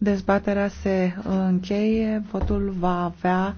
Dezbaterea se încheie, votul va avea